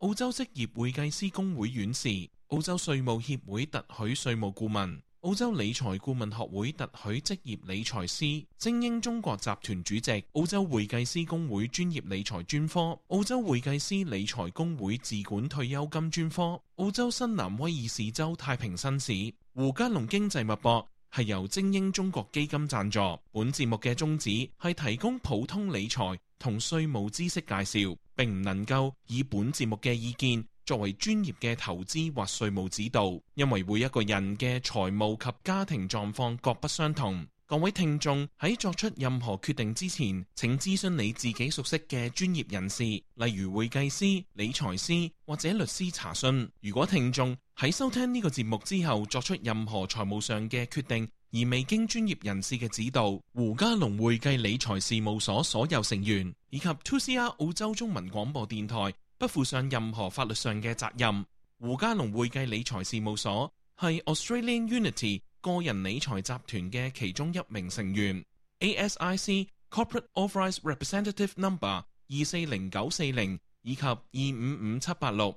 澳洲職業會計師工會院士、澳洲稅務協會特許稅務顧問、澳洲理財顧問學會特許職業理財師、精英中國集團主席、澳洲會計師工會專業理財專科、澳洲會計師理財工會自管退休金專科、澳洲新南威爾士州太平紳士。胡嘉龍經濟脈搏係由精英中國基金贊助，本節目嘅宗旨係提供普通理財同稅務知識介紹。並唔能夠以本節目嘅意見作為專業嘅投資或稅務指導，因為每一個人嘅財務及家庭狀況各不相同。各位聽眾喺作出任何決定之前，請諮詢你自己熟悉嘅專業人士，例如會計師、理財師或者律師查詢。如果聽眾喺收聽呢個節目之後作出任何財務上嘅決定，而未經專業人士嘅指導，胡家龍會計理財事務所所有成員以及 2CR 澳洲中文廣播電台不負上任何法律上嘅責任。胡家龍會計理財事務所係 Australian Unity 個人理財集團嘅其中一名成員，ASIC Corporate Authorised Representative Number 二四零九四零以及二五五七八六。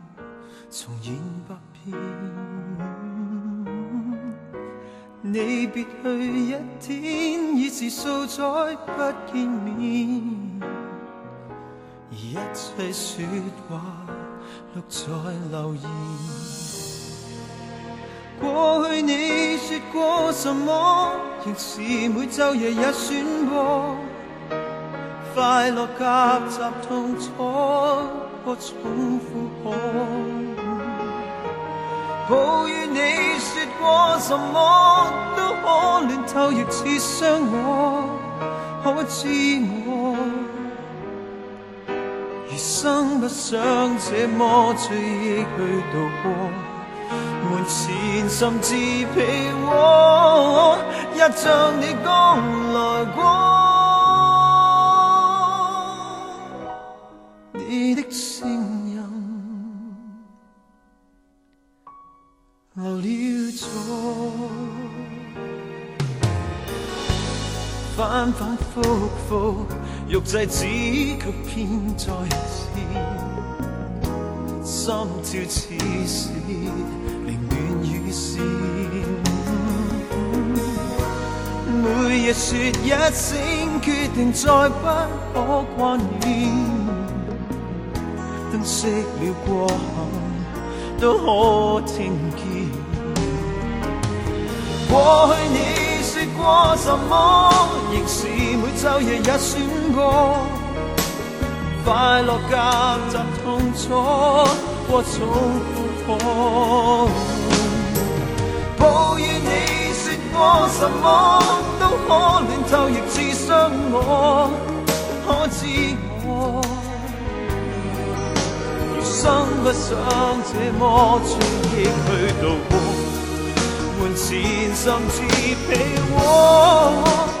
重演百遍，你別去一天已是數載不見面，一切說話錄在留言。過去你說過什麼，仍是每晝夜也轉播，快樂夾雜痛楚，重複過重負荷。暴雨，你說過什麼都可亂透，亦刺傷我，可知我餘生不想這麼追憶去度過，門前甚至被窩，也像你剛來過。欲制止，卻偏在一次；心照似是，凌亂，如是。每夜說一聲，決定再不可掛念。燈熄了，過後都可聽見。過去你說過什麼，仍是。晝夜也選過，快樂夾雜痛楚，我早枯渴。抱怨你說過什麼，都可暖透，亦刺傷我。可知我？餘生不想這麼追憶去度過，沒錢甚至被窩。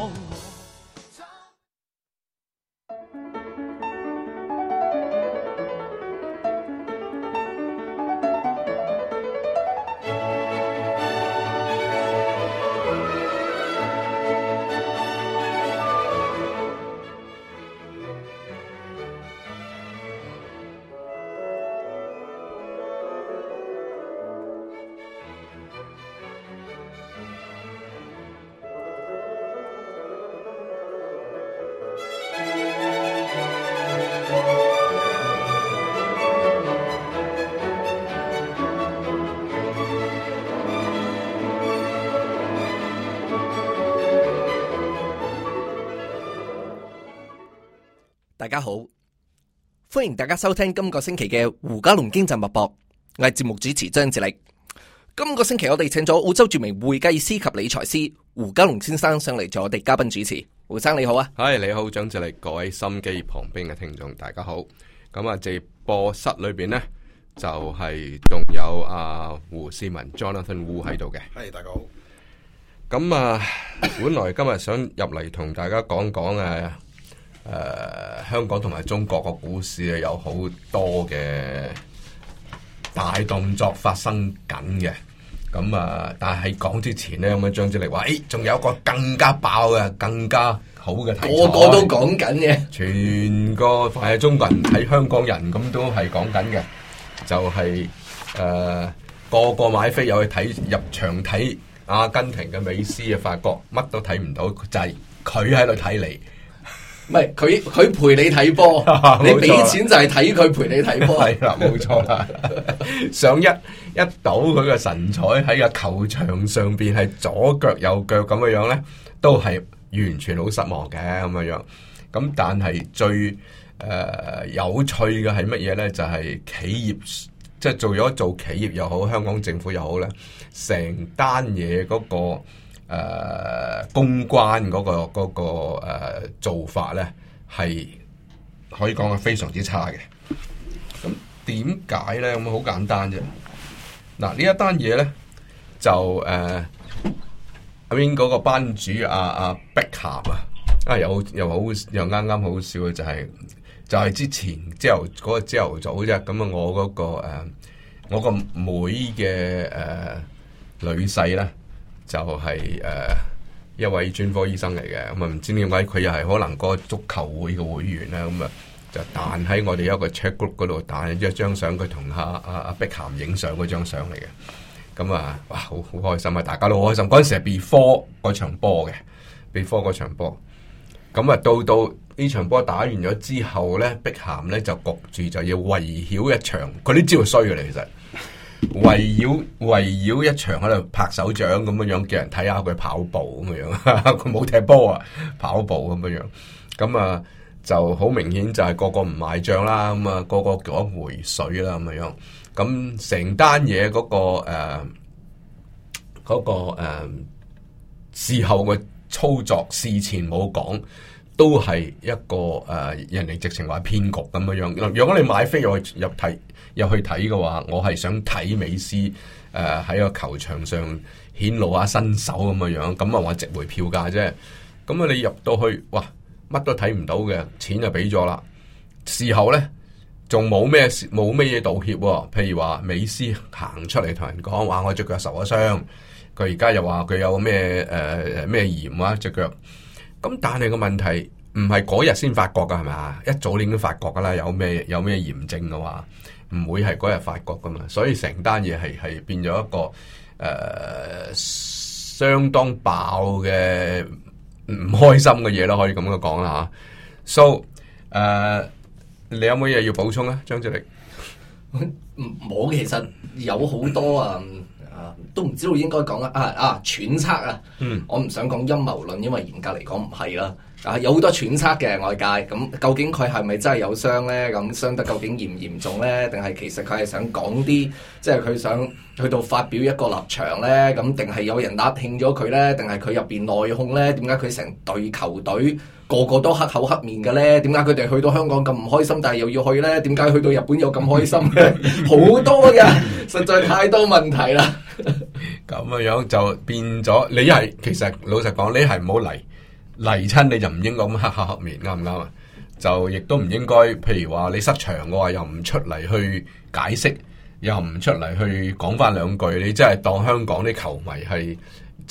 大家好，歡迎大家收聽今個星期嘅胡嘉龍經濟脈搏，我係節目主持張志力。今個星期我哋請咗澳洲著名會計師及理財師胡嘉龍先生上嚟做我哋嘉賓主持。胡生你好啊，係你好，張志力，各位收音機旁邊嘅聽眾大家好。咁啊，直播室裏邊呢，就係、是、仲有阿、啊、胡思文 Jonathan Wu 喺度嘅。係、hey, 大家好。咁啊，本來今日想入嚟同大家講講啊。誒、呃，香港同埋中國個股市啊，有好多嘅大動作發生緊嘅。咁啊、呃，但係喺講之前呢，咁啊，張志力話，誒，仲有一個更加爆嘅，更加好嘅睇法，個個都講緊嘅。全個誒中國人睇香港人，咁都係講緊嘅。就係、是、誒、呃，個個買飛又去睇，入場睇阿根廷嘅美斯，發覺，乜都睇唔到，就係佢喺度睇嚟。唔係佢，佢陪你睇波，啊、你俾錢就係睇佢陪你睇波。係、啊、啦，冇錯啦。上一一睹佢個神采，喺個球場上邊係左腳右腳咁樣，樣咧，都係完全好失望嘅咁樣，樣。咁但係最誒有趣嘅係乜嘢咧？就係、是、企業即係、就是、做咗做企業又好，香港政府又好咧，成單嘢嗰個。誒、呃、公關嗰、那個嗰、那個呃、做法咧，係可以講係非常之差嘅。咁點解咧？咁好簡單啫。嗱呢一單嘢咧，就誒阿邊嗰個班主阿阿碧鹹啊，啊，啊，啊又又好又啱啱好笑嘅就係、是、就係、是、之前朝頭嗰個朝頭早啫。咁、那、啊、個那個呃，我嗰個我個妹嘅誒、呃、女婿啦。就係、是、誒、uh，一位專科醫生嚟嘅，咁啊唔知點解佢又係可能個足球會嘅會員咧，咁啊就彈喺我哋一個 chat group 嗰度彈，一張相佢同阿阿阿碧咸影相嗰張相嚟嘅，咁啊哇好好開心啊，大家都好開心，嗰陣時係 before 嗰場波嘅，before 嗰場波，咁啊到到呢場波打完咗之後咧，碧咸咧就焗住就要圍繞一場，佢啲招衰嘅咧其實。圍繞圍繞一場喺度拍手掌咁樣樣，叫人睇下佢跑步咁樣樣，佢冇踢波啊，跑步咁樣樣，咁啊就好明顯就係個個唔買賬啦，咁啊個個叫回水啦咁樣樣，咁成單嘢嗰個誒嗰、呃嗰個誒、呃、事後嘅操作，事前冇講，都係一個誒、呃、人哋直情話騙局咁樣樣。嗱，如果你買飛入入睇。入去睇嘅話，我係想睇美斯誒喺、呃、個球場上顯露下新手咁嘅樣，咁啊話值回票價啫。咁啊你入到去，哇乜都睇唔到嘅，錢就俾咗啦。事後咧仲冇咩冇咩嘢道歉喎、啊。譬如話美斯行出嚟同人講話，我隻腳受咗傷，佢而家又話佢有咩誒咩炎啊隻腳。咁但係個問題唔係嗰日先發覺噶係咪啊？一早年已經發覺噶啦，有咩有咩炎症嘅話。唔會係嗰日發覺噶嘛，所以成單嘢係係變咗一個誒、呃、相當爆嘅唔開心嘅嘢咯，可以咁樣講啦嚇。So 誒、呃，你有冇嘢要補充啊，張志力？冇、我其實有好多、嗯、啊，啊都唔知道應該講啦啊啊，揣測啊，嗯、我唔想講陰謀論，因為嚴格嚟講唔係啦。啊，有好多揣測嘅外界，咁究竟佢係咪真係有傷呢？咁傷得究竟嚴唔嚴重呢？定係其實佢係想講啲，即係佢想去到發表一個立場呢？咁定係有人打慶咗佢呢？定係佢入邊內訌呢？點解佢成隊球隊個個都黑口黑面嘅呢？點解佢哋去到香港咁唔開心，但係又要去呢？點解去到日本又咁開心呢？好 多嘅，實在太多問題啦。咁樣就變咗，你係其實老實講，你係唔好嚟。嚟親你就唔應該咁黑黑面，啱唔啱啊？就亦都唔應該，譬如話你失場嘅話，又唔出嚟去解釋，又唔出嚟去講翻兩句，你真係當香港啲球迷係。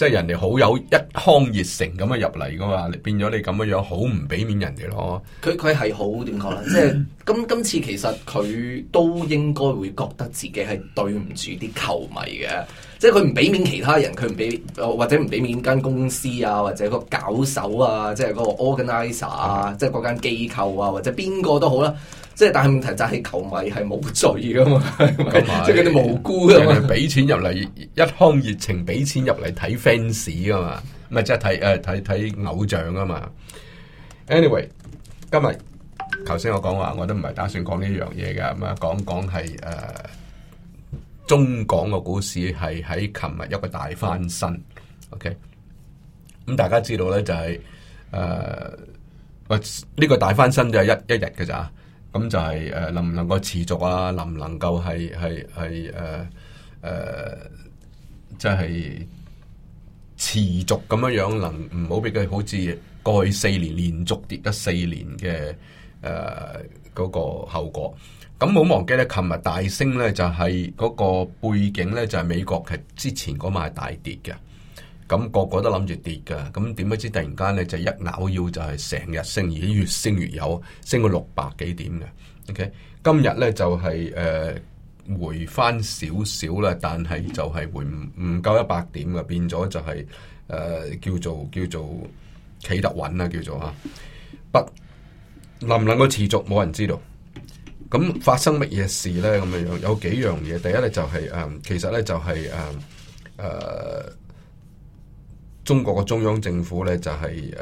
即係人哋好有一腔熱誠咁樣入嚟噶嘛，變咗你咁樣好唔俾面人哋咯。佢佢係好點講啦？即係今今次其實佢都應該會覺得自己係對唔住啲球迷嘅，即係佢唔俾面其他人，佢唔俾或者唔俾面間公司啊，或者個搞手啊，即係嗰個 organizer 啊，即係嗰間機構啊，或者邊個都好啦、啊。即係，但係問題就係球迷係冇罪噶嘛，即係嗰啲無辜噶嘛， 嘛。俾錢入嚟一腔熱情，俾錢入嚟睇 fans 㗎嘛，咪即係睇誒睇睇偶像㗎嘛 Any way。Anyway，今日頭先我講話，我都唔係打算講呢樣嘢嘅咁啊，講講係誒、呃、中港個股市係喺琴日一個大翻身。OK，咁大家知道咧就係、是、誒，呢、呃呢個大翻身就係一一日嘅咋。咁就係誒，能唔能夠持續啊？能唔能夠係係係即係持續咁樣樣，能唔好俾佢好似過去四年連續跌咗四年嘅嗰、呃嗰個後果。咁冇忘記咧，琴日大升咧，就係嗰個背景咧，就係美國係之前嗰晚係大跌嘅。咁個個都諗住跌嘅，咁點解知突然間咧就一咬腰就係成日升，而且越升越有，升到六百幾點嘅。OK，今日咧就係、是、誒、呃、回翻少少啦，但係就係回唔唔夠一百點嘅，變咗就係誒叫做叫做企得穩啦，叫做吓。做做能不，能唔能夠持續，冇人知道。咁發生乜嘢事咧？咁樣樣有幾樣嘢，第一咧就係、是、誒、呃，其實咧就係誒誒。呃中國嘅中央政府咧就係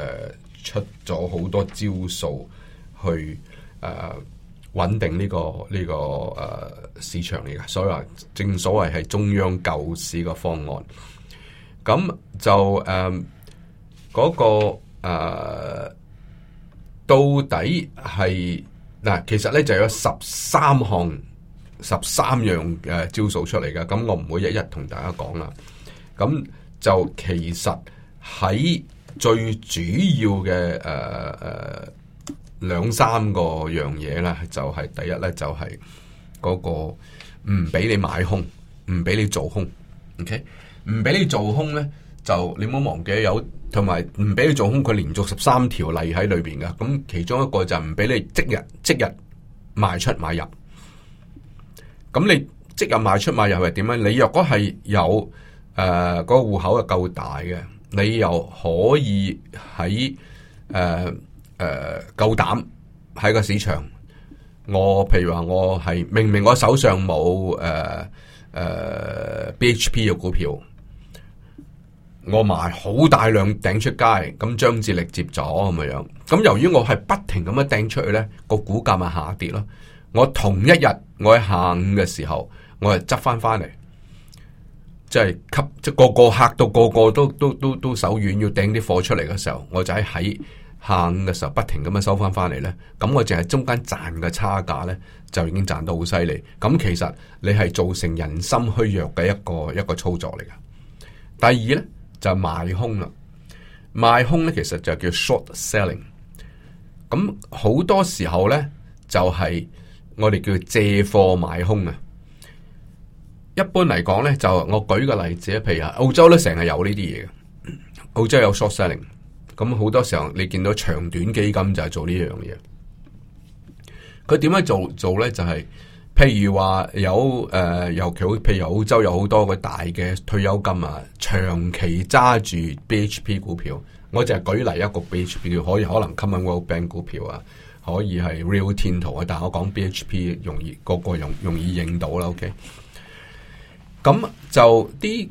誒出咗好多招數去誒穩定呢個呢個誒市場嚟噶，所以話正所謂係中央救市嘅方案。咁就誒嗰個誒到底係嗱，其實咧就有十三項、十三樣嘅招數出嚟噶，咁我唔會一一同大家講啦，咁。就其實喺最主要嘅誒誒兩三個樣嘢咧，就係、是、第一咧就係、是、嗰個唔俾你買空，唔俾你做空，OK？唔俾你做空咧，就你唔好忘記有同埋唔俾你做空，佢、okay? 連續十三條例喺裏邊嘅，咁其中一個就唔俾你即日即日賣出買入。咁你即日賣出買入係點咧？你若果係有。誒，嗰、呃嗰個戶口係夠大嘅，你又可以喺誒誒夠膽喺個市場，我譬如話我係明明我手上冇誒誒 BHP 嘅股票，我賣好大量掟出街，咁張志力接咗咁樣，咁由於我係不停咁樣掟出去咧，呢個股價咪下跌咯。我同一日我喺下午嘅時候，我係執翻翻嚟。即係吸，即係個個吓到個個都都都都手軟，要頂啲貨出嚟嘅時候，我就喺喺下午嘅時候不停咁樣收翻翻嚟呢。咁我淨係中間賺嘅差價呢，就已經賺到好犀利。咁其實你係造成人心虛弱嘅一個一個操作嚟噶。第二呢，就係、是、賣空啦，賣空呢，其實就叫 short selling。咁好多時候呢，就係、是、我哋叫借貨賣空啊。一般嚟講咧，就我舉個例子譬如啊，澳洲咧成日有呢啲嘢嘅，澳洲有 short selling，咁好多時候你見到長短基金就係做，做，做呢樣嘢。佢點樣做做咧？就係、是、譬如話有誒、呃，尤其好，譬如澳洲有好多個大嘅退休金啊，長期揸住 BHP 股票，我淨係舉例一個 BHP 可以可能 Commonwealth Bank 股票啊，可以係 Rio Tinto 啊，但係我講 BHP 容易個個容容易認到啦，OK。咁就啲，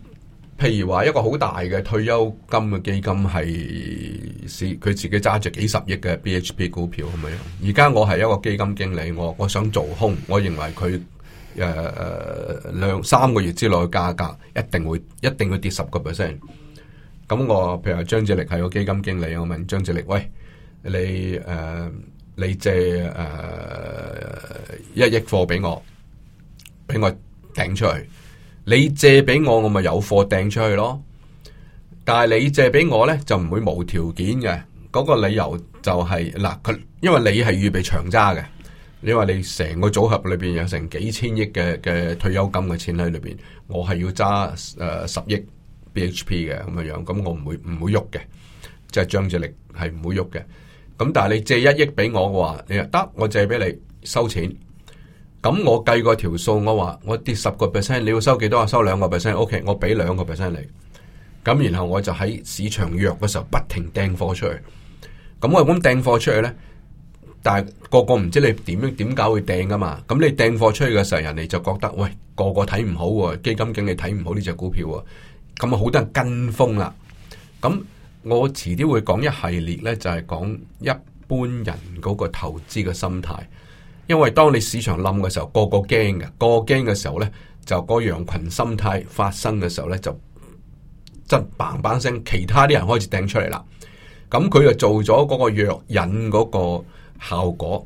譬如話一個好大嘅退休金嘅基金係，佢自己揸住幾十億嘅 BHP 股票係咪？而家我係一個基金經理，我我想做空，我認為佢誒兩三個月之內嘅價格一定會一定會跌十個 percent。咁我譬如話張志力係個基金經理，我問張志力：喂，你誒、啊、你借誒、啊、一億貨俾我，俾我掟出去。你借俾我，我咪有貨掟出去咯。但係你借俾我呢，就唔會無條件嘅。嗰、嗰個理由就係、係、嗱，因為你係預備長揸嘅。你話你成個組合裏邊有成幾千億嘅嘅退休金嘅錢喺裏邊，我係要揸誒十億 BHP 嘅咁嘅樣。咁我唔會唔會喐嘅，即係張志力係唔會喐嘅。咁但係你借一億俾我嘅話，你又得我借俾你收錢。咁我計過條數，我話我跌十個 percent，你要收幾多啊？收兩個 percent，OK，、okay, 我俾兩個 percent 你。咁然後我就喺市場弱嘅時候不停掟貨出去。咁我咁掟貨出去呢？但係個個唔知你點樣點解會掟噶嘛？咁你掟貨出去嘅時候，人哋就覺得喂，個個睇唔好，基金經理睇唔好呢隻股票，咁啊好多人跟風啦。咁我遲啲會講一系列呢，就係、是、講一般人嗰個投資嘅心態。因為當你市場冧嘅時候，個個驚嘅，個個驚嘅時候呢，就個羊群心態發生嘅時候呢，就真砰砰聲，其他啲人開始掟出嚟啦。咁佢就做咗嗰個藥引嗰個效果，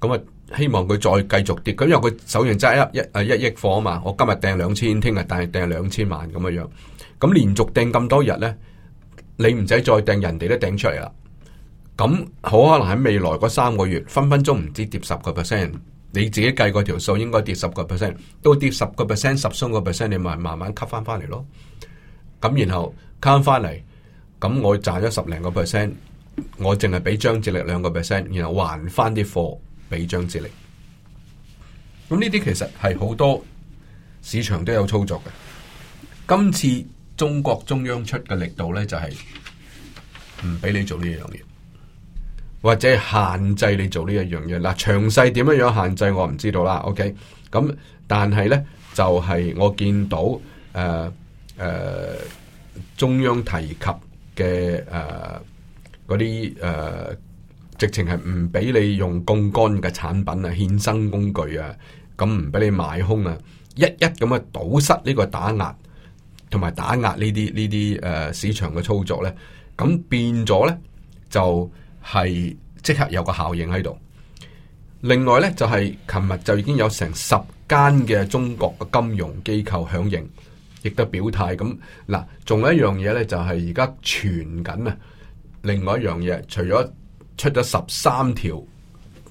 咁啊希望佢再繼續跌。咁因為佢手上揸一、一、一億貨啊嘛，我今日掟兩千，聽日掟兩千萬咁樣樣。咁連續掟咁多日呢，你唔使再掟，人哋都掟出嚟啦。咁好可能喺未來嗰三個月，分分鐘唔知跌十個 percent。你自己計嗰條數，應該跌十個 percent，到跌十個 percent、十鬆個 percent，你咪慢慢吸翻翻嚟咯。咁然後 come 翻嚟，咁我賺咗十零個 percent，我淨係俾張志力兩個 percent，然後還翻啲貨俾張志力。咁呢啲其實係好多市場都有操作嘅。今次中國中央出嘅力度呢，就係唔俾你做呢樣嘢。或者限制你做呢一樣嘢嗱，詳細點樣樣限制我唔知道啦。OK，咁但係咧就係、是、我見到誒誒、呃呃、中央提及嘅誒嗰啲誒直情係唔俾你用槓桿嘅產品啊，衍生工具啊，咁唔俾你買空啊，一一咁嘅堵塞呢個打壓同埋打壓呢啲呢啲誒市場嘅操作咧，咁變咗咧就。係即刻有個效應喺度，另外呢，就係琴日就已經有成十間嘅中國金融機構響應，亦都表態。咁嗱，仲有一樣嘢呢，就係而家傳緊啊。另外一樣嘢，除咗出咗十三條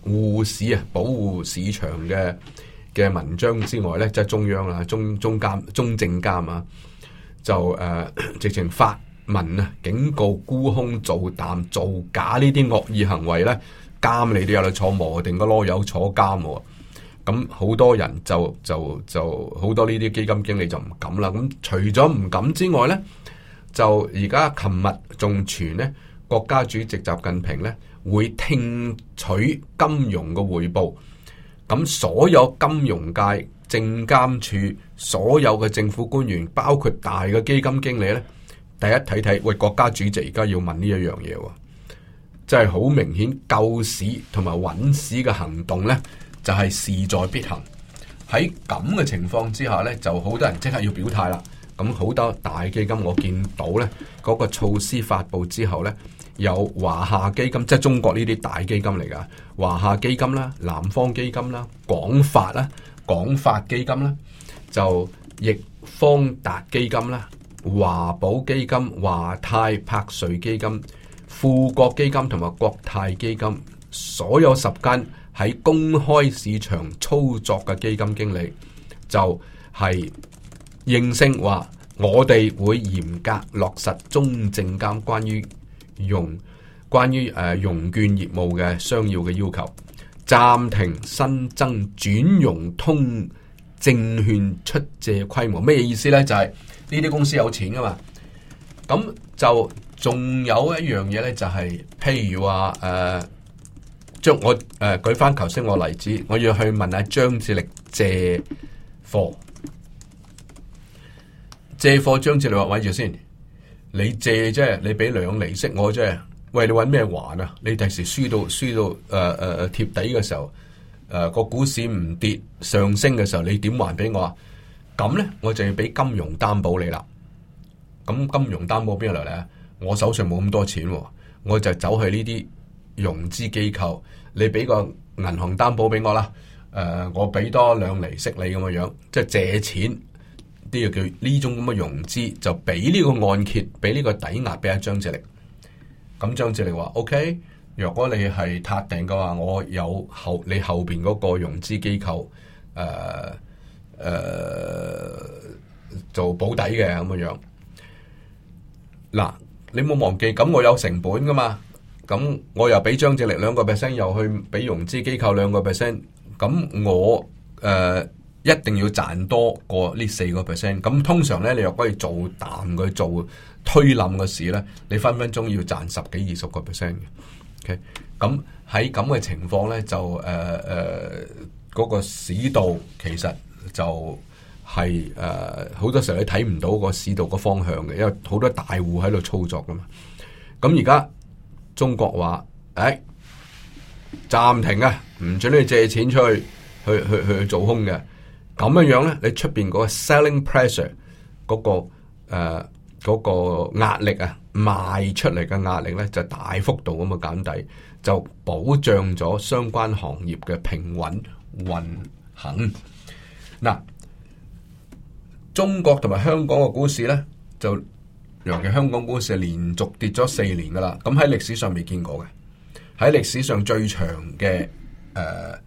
護市啊，保護市場嘅嘅文章之外呢，即係中央啦、啊、中中監、中證監啊，啊，就 誒直情發。民啊，警告沽空造淡、造假呢啲惡意行為呢，監你都有得坐磨，定個囉柚坐監喎、哦。咁好多人就就就好多呢啲基金經理就唔敢啦。咁除咗唔敢之外呢，就而家琴日仲傳呢，國家主席習近平呢，會聽取金融嘅匯報。咁所有金融界、證監處、所有嘅政府官員，包括大嘅基金經理呢，第一睇睇，喂，國家主席而家要問呢一樣嘢，即係好明顯救市同埋穩市嘅行動呢，就係事在必行。喺咁嘅情況之下呢，就好多人即刻要表態啦。咁好多大基金我見到呢嗰個措施發布之後呢，有華夏基金，即係中國呢啲大基金嚟噶，華夏基金啦、南方基金啦、廣發啦、廣發基金啦，就易方達基金啦。華寶基金、華泰柏瑞基金、富國基金同埋國泰基金，所有十間喺公開市場操作嘅基金經理，就係應聲話，我哋會嚴格落實中證監關於融、關於誒融券業務嘅商要嘅要求，暫停新增轉融通。證券出借規模咩意思咧？就係呢啲公司有錢噶嘛，咁就仲有一樣嘢咧，就係、是、譬如話誒、將、呃、我誒、呃、舉翻頭先我例子，我要去問阿張志力借貨，借貨張志力話：「喂住先，你借啫，你俾兩利息我啫。」喂你搵咩還啊？你第時輸到輸到誒誒誒貼底嘅時候。誒、啊，個股市唔跌上升嘅時候，你點還俾我啊？咁咧，我就要俾金融擔保你啦。咁、啊、金融擔保邊度嚟？咧，我手上冇咁多錢、啊，我就走去呢啲融資機構，你俾個銀行擔保俾我啦。誒、啊，我俾多兩厘息你咁嘅樣，即係借錢，呢個叫呢種咁嘅融資，就俾呢個按揭，俾呢個抵押俾阿張志力。咁張志力話：OK。OK? 若果你係撻訂嘅話，我有後你後邊嗰個融資機構，誒、呃、誒、呃、做保底嘅咁嘅樣。嗱，你冇忘記，咁我有成本噶嘛？咁我又俾張正力兩個 percent，又去俾融資機構兩個 percent，咁我誒、呃、一定要賺多過呢四個 percent。咁通常咧，你若果以做淡佢做推冧嘅市咧，你分分鐘要賺十幾二十個 percent 嘅。咁喺咁嘅情況咧，就誒誒嗰個市道其實就係誒好多時候你睇唔到個市道個方向嘅，因為好多大戶喺度操作噶嘛。咁而家中國話：誒、哎，暫停啊，唔准你借錢出去去去去做空嘅。咁樣樣咧，你出邊嗰個 selling pressure 嗰、嗰個、呃嗰個壓力啊，賣出嚟嘅壓力咧就是，大幅度咁嘅減低，就保障咗相關行業嘅平穩運行。嗱、啊，中國同埋香港嘅股市咧，就尤其香港股市係連續跌咗四年噶啦，咁喺歷史上未見過嘅，喺歷史上最長嘅誒、呃、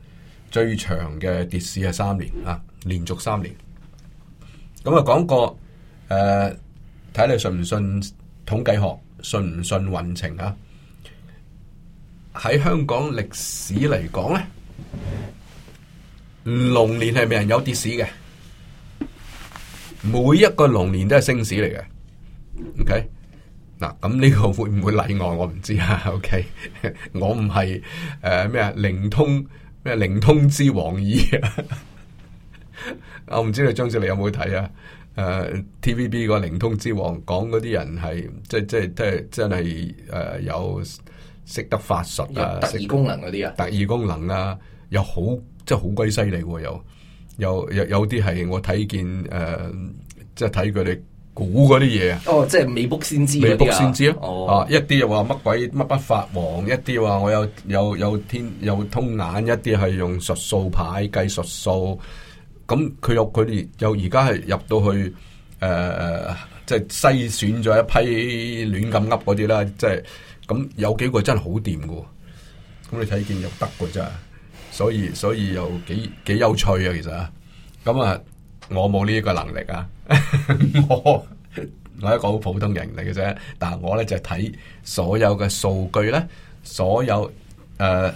最長嘅跌市係三年啊，連續三年。咁啊，講過誒。睇你信唔信統計學，信唔信運程啊？喺香港歷史嚟講咧，龍年係咪人有跌市嘅？每一個龍年都係升市嚟嘅。OK，嗱，咁呢個會唔會例外？我唔知啊。OK，我唔係誒咩，啊靈通咩靈通之王矣。我唔知道你張少麗有冇睇啊？誒 TVB 個靈通之王講嗰啲人係即即即真係誒、uh, 有識得法術啊，特異功能嗰啲啊，特異功能啊，又好即係好鬼犀利喎！又又又有啲係我睇見誒，即係睇佢哋估嗰啲嘢啊。哦，uh, 即係、oh, 未卜先知、啊，未卜先知啊！哦、oh. uh,，一啲又話乜鬼乜不法王，一啲話我有有有天有通眼，一啲係用術數牌計術數。咁佢又佢哋又而家係入到去，誒、呃，即係篩選咗一批亂咁噏嗰啲啦，即係咁有幾個真係好掂喎。咁你睇見又得嘅咋，所以所以又幾幾有趣啊，其實啊，咁啊，我冇呢一個能力啊， 我我係一個好普通人嚟嘅啫，但係我咧就睇、係、所有嘅數據咧，所有誒、呃、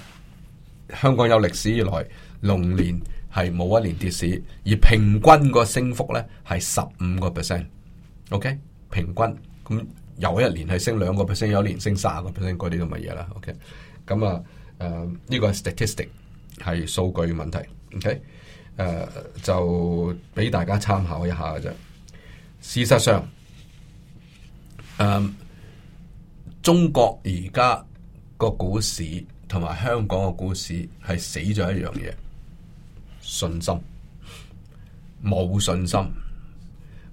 香港有歷史以來龍年。係冇一年跌市，而平均個升幅咧係十五個 percent，OK？平均咁有一年係升兩個 percent，有一年升卅個 percent，嗰啲都乜嘢啦？OK？咁啊誒呢個係 statistic 係數據問題，OK？誒、呃、就俾大家參考一下嘅啫。事實上，誒、呃、中國而家個股市同埋香港嘅股市係死咗一樣嘢。信心冇信心，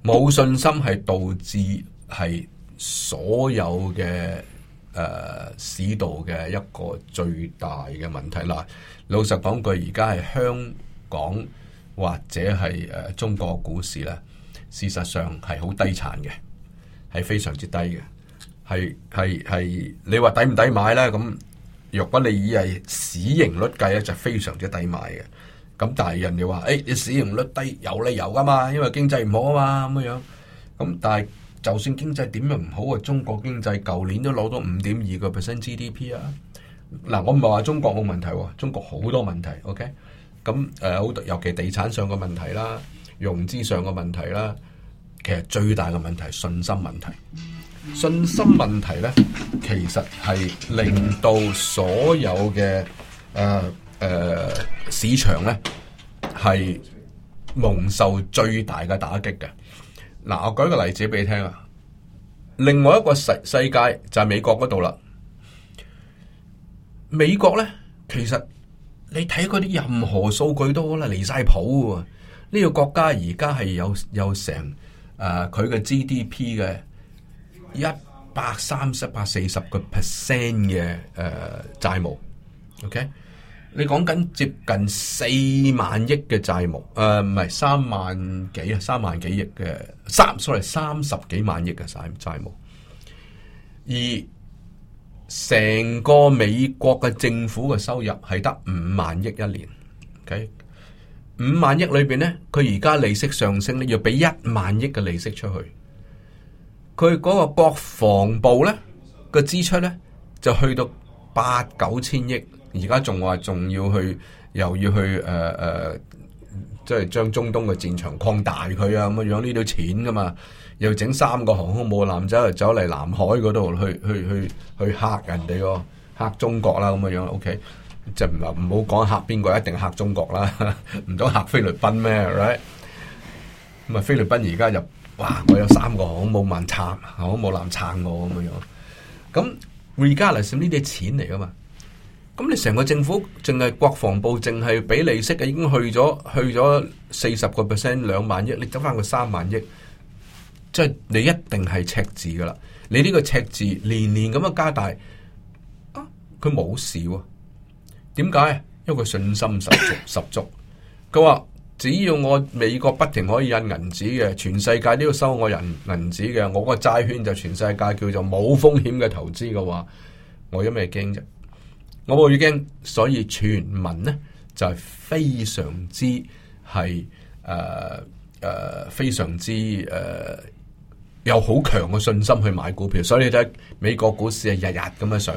冇信心係導致係所有嘅誒、呃、市道嘅一個最大嘅問題。嗱，老實講句，而家係香港或者係誒、呃、中國股市咧，事實上係好低產嘅，係非常之低嘅，係係係你話抵唔抵買咧？咁若果你以係市盈率計咧，就非常之抵買嘅。咁但係人哋話誒，你市盈率低有理由噶嘛？因為經濟唔好啊嘛，咁樣。咁但係就算經濟點樣唔好啊，中國經濟舊年都攞到五點二個 percent GDP 啊。嗱、啊，我唔係話中國冇問題，中國好多問題。OK，咁、啊、誒，好尤其地產上嘅問題啦，融資上嘅問題啦，其實最大嘅問題係信心問題。信心問題咧，其實係令到所有嘅誒。啊誒、啊，市場咧係蒙受最大嘅打擊嘅。嗱、啊，我舉個例子俾你聽啊。另外一個世世界就係美國嗰度啦。美國咧，其實你睇嗰啲任何數據都好啦，離晒譜。呢、這個國家而家係有有成誒，佢嘅 GDP 嘅一百三十、百四十個 percent 嘅誒債務。OK。你講緊接近四萬億嘅債務，誒唔係三萬幾啊？三萬幾億嘅三，sorry 三十幾萬億嘅債債務。而成個美國嘅政府嘅收入係得五萬億一年，OK？五萬億裏邊咧，佢而家利息上升咧，要俾一萬億嘅利息出去。佢嗰個國防部咧嘅支出咧，就去到八九千億。而家仲話仲要去，又要去誒誒，啊啊，即係將中東嘅戰場擴大佢啊咁樣，呢啲錢噶嘛，又整三個航空母艦走嚟走嚟南海嗰度去去去去嚇人哋個嚇中國啦咁樣，OK，就唔唔好講吓邊個，嚇，一定嚇中國啦，唔通嚇菲律賓咩？咁，right? 啊菲律賓而家就哇，我有三個航空母艦撐，航空母艦撐我咁樣，咁 regardless 呢啲錢嚟噶嘛？咁你成個政府淨係國防部淨係俾利息已經去咗去咗四十個 percent 兩萬億，你得翻個三萬億，即係你一定係赤字噶啦。你呢個赤字年年咁樣加大，啊佢冇事，點解？因為佢信心十足 十足。佢話只要我美國不停可以印銀紙嘅，全世界都要收我人銀紙嘅，我個債券就全世界叫做冇風險嘅投資嘅話，我有咩驚啫？我已經，所以全民咧就係、是、非常之係誒誒，非常之誒、呃、有好強嘅信心去買股票，所以咧美國股市係日日咁樣上，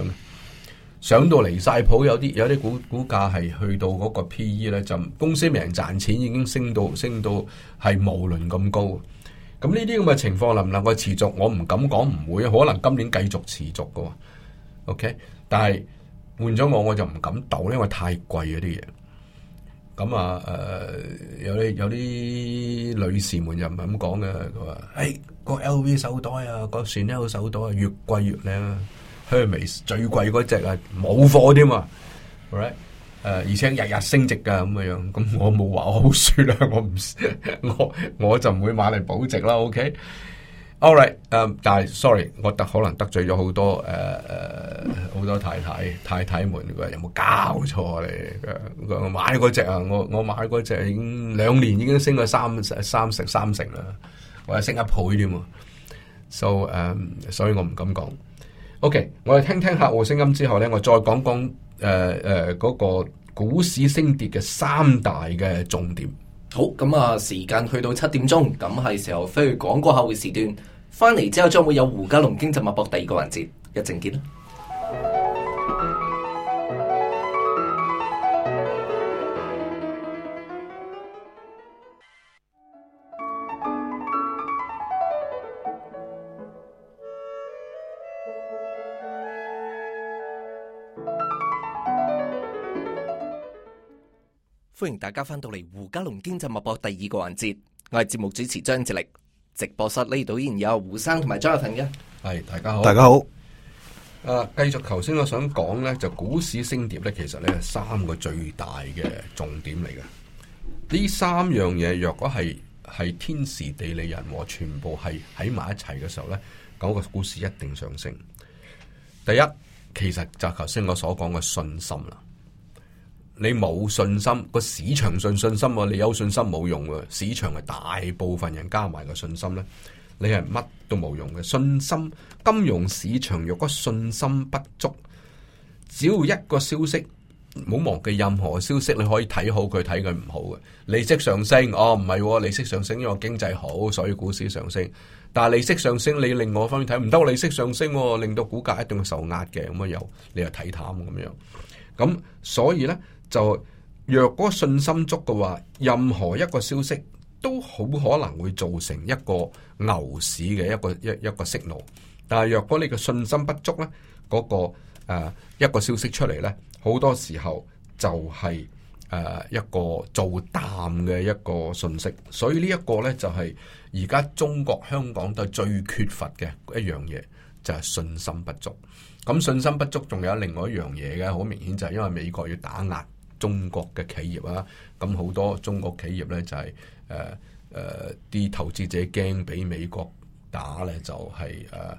上到離晒譜，有啲有啲股股價係去到嗰個 PE 咧，就公司未能賺錢已經升到升到係無論咁高，咁呢啲咁嘅情況能唔能夠持續？我唔敢講唔會，可能今年繼續持續嘅，OK，但係。換咗我我就唔敢鬥，因為太貴嗰啲嘢。咁啊，誒、呃、有啲有啲女士們又唔係咁講嘅，佢話：誒、哎、個 LV 手袋啊，個 Chanel 手袋啊，越貴越靚，啊。Hermes 最貴嗰隻啊，冇貨添啊，right？誒、呃，而且日日升值㗎咁嘅樣，咁我冇話好説啦，我唔，我我就唔會買嚟保值啦，OK？Alright，um，但係，sorry，我得可能得罪咗好多誒誒好多太太太太們，佢有冇搞錯你？買嗰隻啊，我我買嗰隻已經兩年已經升咗三三成三成啦，或者升一倍添。So，誒，所以我唔敢講。OK，我哋聽聽客戶聲音之後咧，我再講講誒誒嗰個股市升跌嘅三大嘅重點。好，咁啊，時間去到七點鐘，咁係時候飛去廣告後嘅時段。翻嚟之後將會有胡嘉龍經濟脈搏第二個環節，一陣見啦。歡迎大家翻到嚟胡嘉龍經濟脈搏第二個環節，我係節目主持張志力，直播室呢度依然有胡生同埋張亞騰嘅，係，大家好，大家好。誒、啊，繼續頭先我想講呢，就股市升跌呢，其實呢三個最大嘅重點嚟嘅，呢三樣嘢若果係係天時地利人和，全部係喺埋一齊嘅時候呢，講、那個股市一定上升。第一，其實就頭先我所講嘅信心啦。你冇信心，個市場信信心你有信心冇用啊！市場係大部分人加埋個信心呢，你係乜都冇用嘅。信心，金融市場若果信心不足，只要一個消息，唔好忘記任何消息，你可以睇好佢，睇佢唔好嘅。利息上升，哦唔係、哦，利息上升因為經濟好，所以股市上升。但係利息上升，你另外方面睇唔到。利息上升、哦、令到股價一定係受壓嘅，咁啊又你又睇淡咁樣，咁所以呢。就若果個信心足嘅話，任何一個消息都好可能會造成一個牛市嘅一個一個一個 signal。但係若果你個信心不足呢嗰、那個、啊、一個消息出嚟咧，好多時候就係、是、誒、啊、一個做淡嘅一個信息。所以呢一個咧就係而家中國香港都最缺乏嘅一樣嘢，就係、是、信心不足。咁信心不足，仲有另外一樣嘢嘅，好明顯就係因為美國要打壓。中國嘅企業啊，咁好多中國企業咧就係誒誒啲投資者驚俾美國打咧，就係誒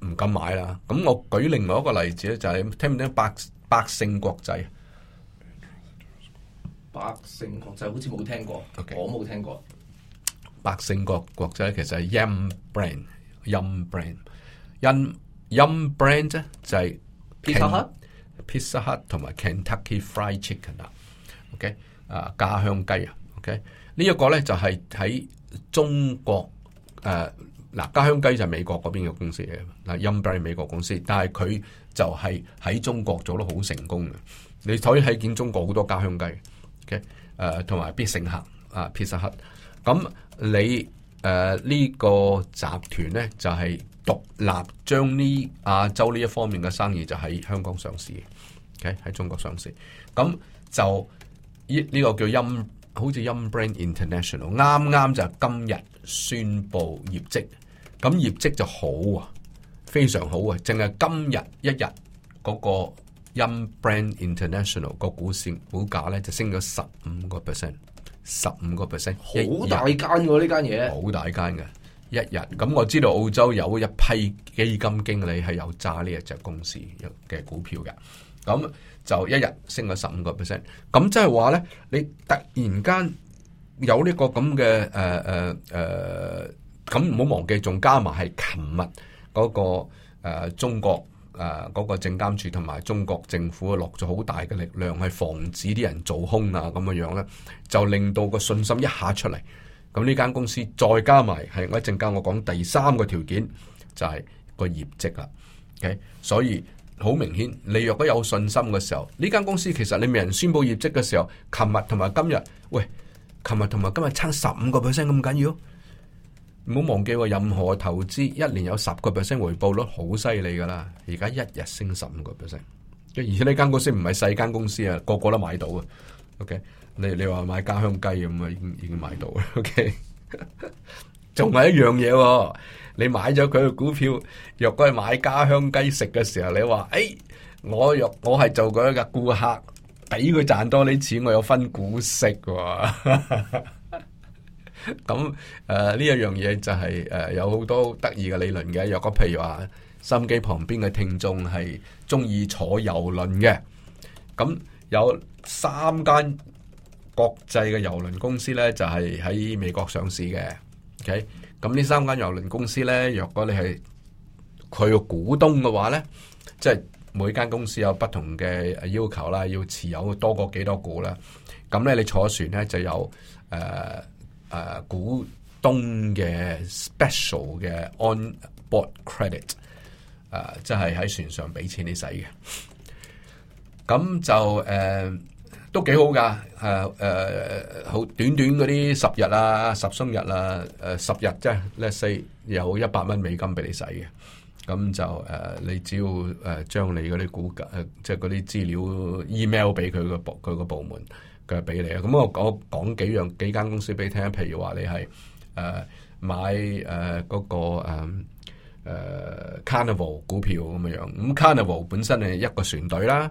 誒唔敢買啦。咁我舉另外一個例子咧、就是，就係聽唔聽百百勝國際？百勝國際好似冇聽過，Okay. 我冇聽過。百勝國國際其實係 Yum Brand，Yum Brand，Yum Brand 咧就係皮 Pizza Hut 同埋 Kentucky Fried Chicken 啊，OK 啊家鄉雞啊，OK 呢一個呢，就係、是、喺中國誒嗱、啊、家鄉雞就係美國嗰邊嘅公司嚟，嗱、啊、inbound 美國公司，但係佢就係喺中國做得好成功嘅，你可以睇見中國好多家鄉雞，OK 誒同埋必勝客啊、Pizza Hut 啊。咁你誒呢、啊這個集團呢，就係、是、獨立將呢亞洲呢一方面嘅生意就喺香港上市。喺中國上市，咁就呢個叫 Yum，好似 Yum Brand International，啱啱就係今日宣布業績，咁業績就好啊，非常好啊，淨係今日一日嗰、那個 Yum Brand International 個股市股價咧就升咗十五個 percent，十五個 percent，好大間喎呢間嘢，好大間嘅。一日咁，我知道澳洲有一批基金經理係有揸呢一隻公司嘅股票嘅，咁就一日升咗十五個 percent，咁即係話咧，你突然間有呢個咁嘅誒誒誒，咁唔好忘記仲加埋係琴日嗰個誒、呃、中國誒嗰、呃嗰個證監處同埋中國政府落咗好大嘅力量去防止啲人做空啊，咁樣樣咧，就令到個信心一下出嚟。咁呢間公司再加埋係，我一陣間我講第三個條件就係、是、個業績啦。OK，所以好明顯，你若果有信心嘅時候，呢間公司其實你未人宣布業績嘅時候，琴日同埋今日，喂，琴日同埋今日差十五個 percent 咁緊要？唔好忘記任何投資一年有十個 percent 回報率好犀利噶啦，而家一日升十五個 percent，而且呢間公司唔係細間公司啊，個個都買到啊。OK。你你話買家鄉雞咁啊，已經已經買到啦。O K，仲係一樣嘢，你買咗佢嘅股票，若果係買家鄉雞食嘅時候，你話，誒、欸，我若我係做過一個顧客，俾佢賺多啲錢，我有分股息。咁誒，呢一、呃、樣嘢就係、是、誒、呃，有好多得意嘅理論嘅。若果譬如話，心機旁邊嘅聽眾係中意坐郵輪嘅，咁有三間。國際嘅郵輪公司咧就係、是、喺美國上市嘅，OK，咁呢三間郵輪公司咧，若果你係佢個股東嘅話咧，即、就、係、是、每間公司有不同嘅要求啦，要持有多過幾多股啦，咁咧你坐船咧就有誒誒、呃啊、股東嘅 special 嘅 on board credit，誒即係喺船上俾錢你使嘅，咁就誒。呃都幾好噶，誒誒好短短嗰啲十日啊、十雙日啊、誒十日啫，係 let’s say 有一百蚊美金俾你使嘅，咁就誒你只要誒將你嗰啲股票，即係嗰啲資料 email 俾佢個部佢個部門，佢俾你啊。咁我講講幾樣幾間公司俾你聽，譬如話你係誒買誒嗰個誒 Carnival 股票咁樣，咁 Carnival 本身係一個船隊啦。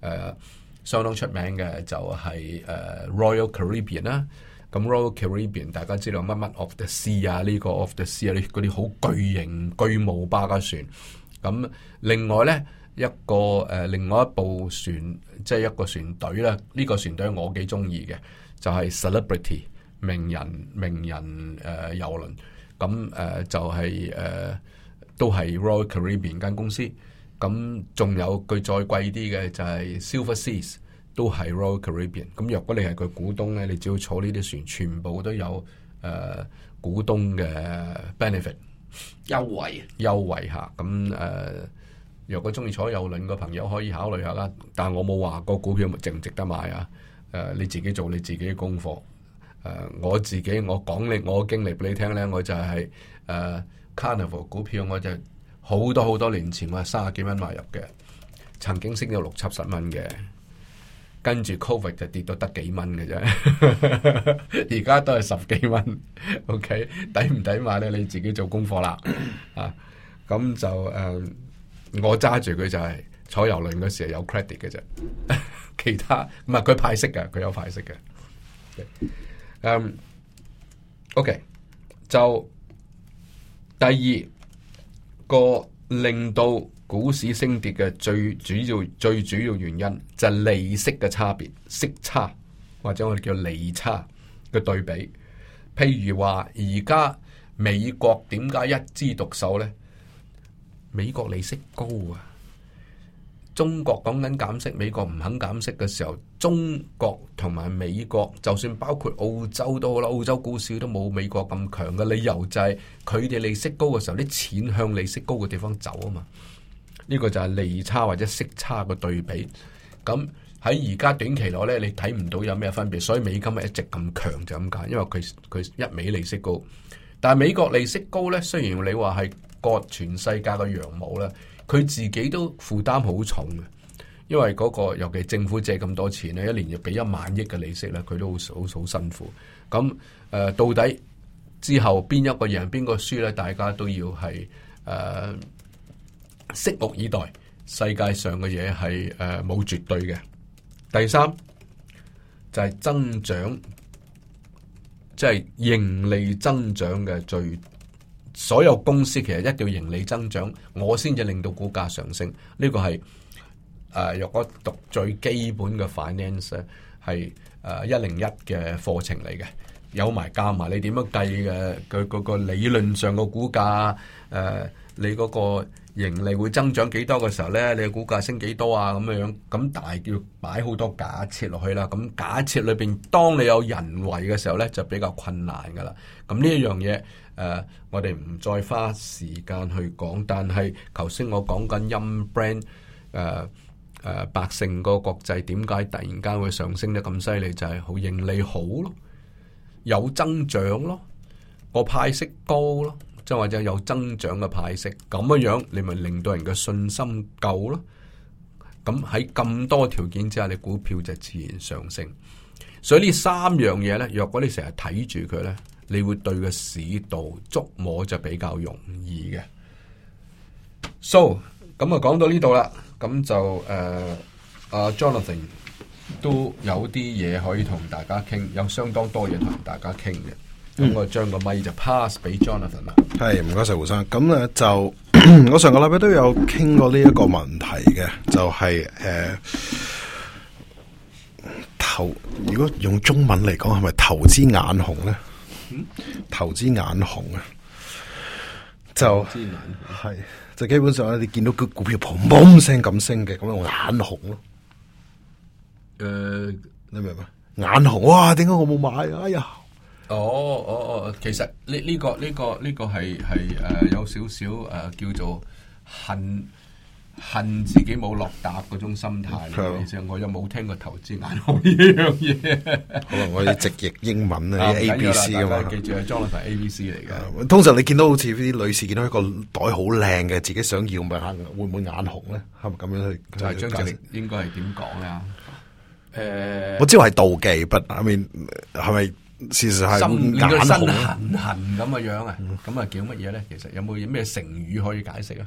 誒、uh, 相當出名嘅就係、是、誒、uh, Royal Caribbean 啦、啊，咁 Royal Caribbean 大家知道乜乜 Of The Sea 啊，呢、這個 Of The Sea 啊，嗰啲好巨型巨無巴嘅船。咁另外咧一個誒、uh, 另外一部船即係、就是、一個船隊咧，呢、這個船隊我幾中意嘅就係、是、Celebrity 名人名人誒遊、uh, 輪，咁誒、uh, 就係、是、誒、uh, 都係 Royal Caribbean 間公司。咁仲、嗯、有佢再貴啲嘅就係 Silver Seas 都係 Royal Caribbean、嗯。咁若果你係佢股東咧，你只要坐呢啲船，全部都有誒、呃、股東嘅 benefit 優惠優惠嚇。咁、嗯、誒、呃，若果中意坐遊輪嘅朋友可以考慮下啦。但我冇話個股票值唔值得買啊！誒、呃，你自己做你自己嘅功課。誒、呃，我自己我講你，我經歷俾你聽咧，我就係、是、誒、呃、Carnival 股票我就是。好多好多年前我卅幾蚊買入嘅，曾經升到六七十蚊嘅，跟住 Covid 就跌到得幾蚊嘅啫，而 家都係十幾蚊。OK，抵唔抵買咧？你自己做功課啦。啊，咁就誒、嗯，我揸住佢就係、是、坐郵輪嗰時係有 credit 嘅啫， 其他唔係佢派息嘅，佢有派息嘅。誒 okay?、Um,，OK，就第二。個令到股市升跌嘅最主要、最主要原因就係利息嘅差別，息差或者我哋叫利差嘅對比。譬如話而家美國點解一枝獨秀咧？美國利息高啊！中國講緊減息，美國唔肯減息嘅時候，中國同埋美國，就算包括澳洲都好啦，澳洲股市都冇美國咁強嘅理由，就係佢哋利息高嘅時候，啲錢向利息高嘅地方走啊嘛。呢、這個就係利差或者息差嘅對比。咁喺而家短期內呢，你睇唔到有咩分別，所以美金咪一直咁強就咁解，因為佢佢一美利息高，但係美國利息高呢，雖然你話係割全世界嘅羊毛啦。佢自己都負擔好重嘅，因為嗰個尤其政府借咁多錢咧，一年要俾一萬億嘅利息咧，佢都好好辛苦。咁誒，到底之後邊一個贏邊個輸咧？大家都要係誒，拭目以待。世界上嘅嘢係誒冇絕對嘅。第三就係增長，即係盈利增長嘅最。所有公司其實一定要盈利增長，我先至令到股價上升。呢、呢個係誒若果讀最基本嘅 finance 係誒一、呃、零一嘅課程嚟嘅，有埋加埋你點樣計嘅佢嗰個理論上嘅股價誒、呃，你嗰個盈利會增長幾多嘅時候呢，你嘅股價升幾多啊咁嘅樣。咁但係要擺好多假設落去啦。咁假設裏邊，當你有人為嘅時候呢，就比較困難噶啦。咁呢一樣嘢。誒，uh, 我哋唔再花時間去講，但係頭先我講緊 Yum Brand，誒、uh, 誒、uh，百勝個國際點解突然間會上升得咁犀利，就係、是、好盈利好咯，有增長咯，個派息高咯，即係或者有增長嘅派息，咁樣樣你咪令到人嘅信心夠咯，咁喺咁多條件之下，你的股票就自然上升。所以呢三樣嘢咧，若果你成日睇住佢咧，你會對個市道捉摸就比較容易嘅。So 咁啊，講到呢度啦，咁就誒阿 Jonathan 都有啲嘢可以同大家傾，有相當多嘢同大家傾嘅。咁我將個咪就 pass 俾 Jonathan 啦。係唔該晒胡生。咁咧就我上個禮拜都有傾過呢一個問題嘅，就係誒投如果用中文嚟講係咪投資眼紅咧？投資 眼紅啊，就係就基本上咧，你見到個股票嘣嘣聲咁升嘅，咁樣我眼紅咯。誒、呃，你明唔明？眼紅哇，點解我冇買啊？哎呀，哦哦哦，其實呢、呢、呢個呢、呢個呢、呢個係係誒有少少誒叫做恨。恨自己冇落搭嗰種心態，其實我又冇聽過投資眼紅呢樣嘢。可能我啲直譯英文啊啲 A B C 啊嘛，記住係裝落台 A B C 嚟噶。通常你見到好似啲女士見到一個袋好靚嘅，自己想要咪恨，會唔會眼紅咧？係咪咁樣去？就係張正，應該係點講啊？誒，我知係妒忌，不，我咪係咪事實係身痕痕咁嘅樣啊？咁啊叫乜嘢咧？其實有冇咩成語可以解釋啊？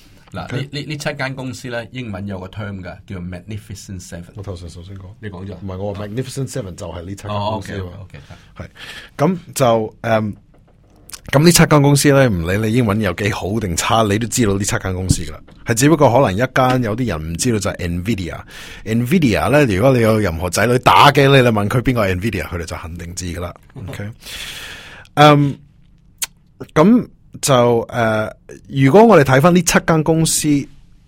嗱，呢呢呢七間公司咧，英文有個 term 噶，叫做 Magnificent Seven 我。我頭先首先講，你講咗，唔係我話 Magnificent Seven 就係呢七間公司啊。係咁、哦 okay, okay, okay, 就誒，咁、um, 呢七間公司咧，唔理你英文有幾好定差，你都知道呢七間公司噶啦。係只不過可能一間有啲人唔知道就係 Nvidia。Nvidia 咧，如果你有任何仔女打機，你嚟問佢邊個係 Nvidia，佢哋就肯定知噶啦。嗯、OK，咁、um,。就誒、呃，如果我哋睇返呢七間公司，